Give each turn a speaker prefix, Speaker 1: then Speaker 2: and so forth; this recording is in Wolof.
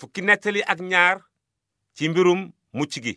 Speaker 1: fukki nettali ak ñaar ci mbirum
Speaker 2: mucc gi